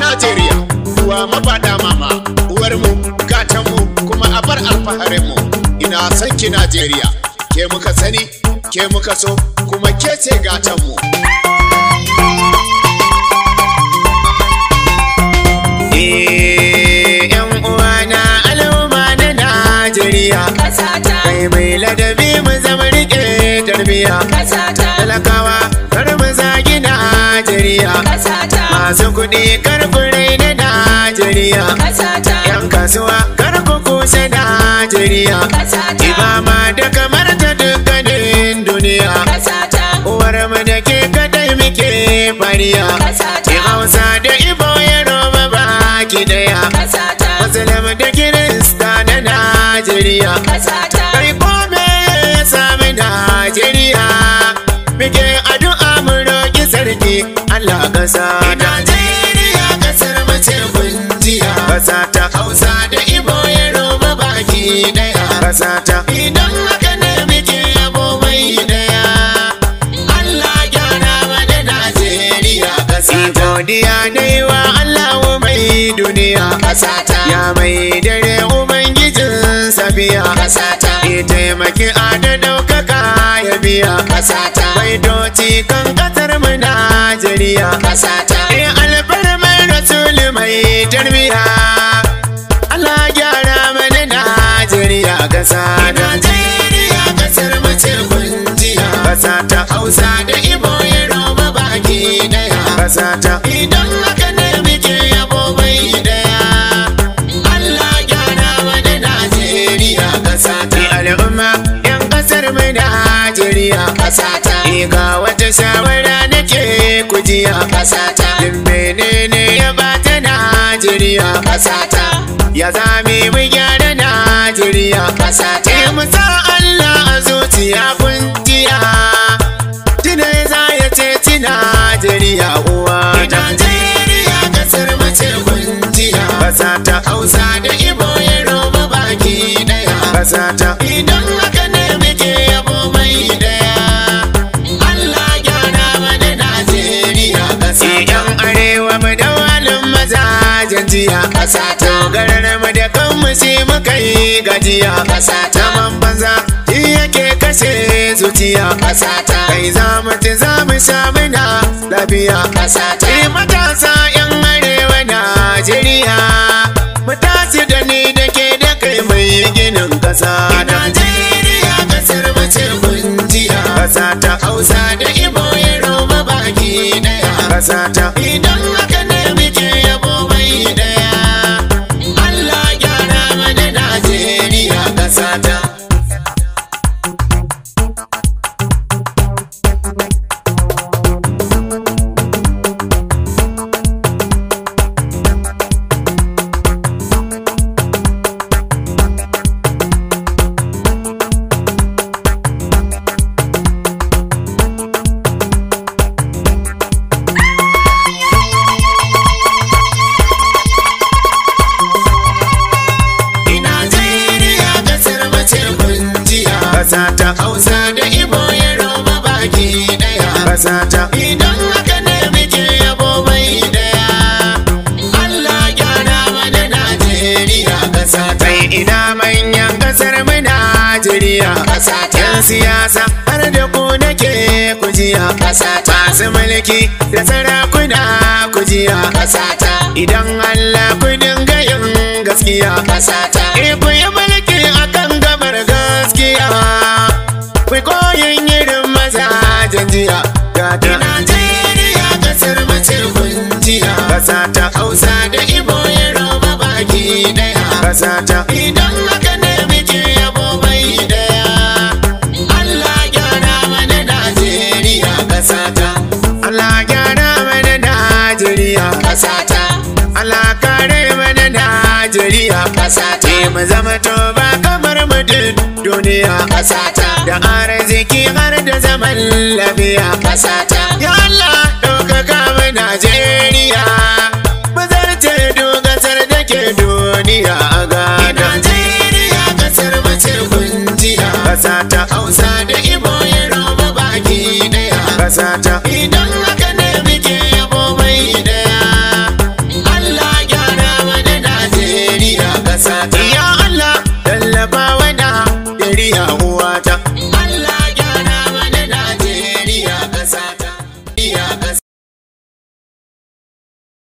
Najeriya, uwa mabada mama, uwarmu, gatanmu, kuma abar mu Ina son ki Najeriya, ke muka sani, ke muka so, kuma ke ce mu Eh. masu kuɗi karfurai na Najeriya. Yan kasuwa karku kusa Najeriya. Imama da kamar ta dukkanin duniya. Uwar mu da ke kadai muke fariya. Ki Hausa da Ibo ya roba baki daya. Musulun da Kirista na Najeriya. Kai kome sa. Najeriya. Muke addu'a Allah ƙasa. godiya na yi wa mai duniya kasata ya mai dare ubangijin safiya kasata ya taimaki da daukaka ya biya kasata mai doci kan ƙasar mu Najeriya kasata ya mai rasuli mai tarbiya da sada Najeriya kasar mace kunjiya Kasa ta Hausa da Ibo ya roba baki daya Kasa ta Idan aka ne muke yabo bai daya Allah gyara mana Najeriya kasa ta Al'umma yan kasar mai da Najeriya kasa ta Ga wata shawara nake kujiya kasa ta Menene ya bata Najeriya kasa ta Ya zami mu gyara duniya ƙasa eh, mu sa Allah a zuciya kuntiya tuna za ya ce tina Najeriya uwa Najeriya kasar mace kuntiya ƙasa ta Hausa da Ibo ya roba baki daya ƙasa ta idan haka ne muke yabo mai daya Allah gyara mana Najeriya ƙasa ta eh, yan arewa mu da walin mazajen jiya ƙasa ta garar mu da kawai mu muka yi gajiya zaman banza shi yake kashe zuciya kai za mu ci za mu sha muna lafiya ni matasa yan arewa najeriya mu tashi da ni da ke da kai mai ginin kasa najeriya kasar mace kunjiya kasa ta hausa da ibo ya roma baki daya ta ta hausa da ibo ya roba baki daya ƙasa ta idan haka ne muke yabo bai daya Allah gyara mana Najeriya ƙasa ta ina manyan ƙasar mu Najeriya ƙasa ta siyasa har da ku nake kujiya ƙasa ta masu mulki da sarakuna kujiya ƙasa ta idan Allah ku dinga yin gaskiya ƙasa ta eh, ku yi jiya ga ta Najeriya kasar mace jiya kasa ta Hausa da Ibo ya roba baki daya kasa ta idan haka ne muke yabo bai daya Allah gyara mana Najeriya kasa ta Allah gyara mana Najeriya kasa ta Allah kare mana Najeriya kasa ta mu zama to ba kamar mu duniya kasa ta da arziki zaman lafiya ƙasata ya Allah ɗaukaka mai Najeriya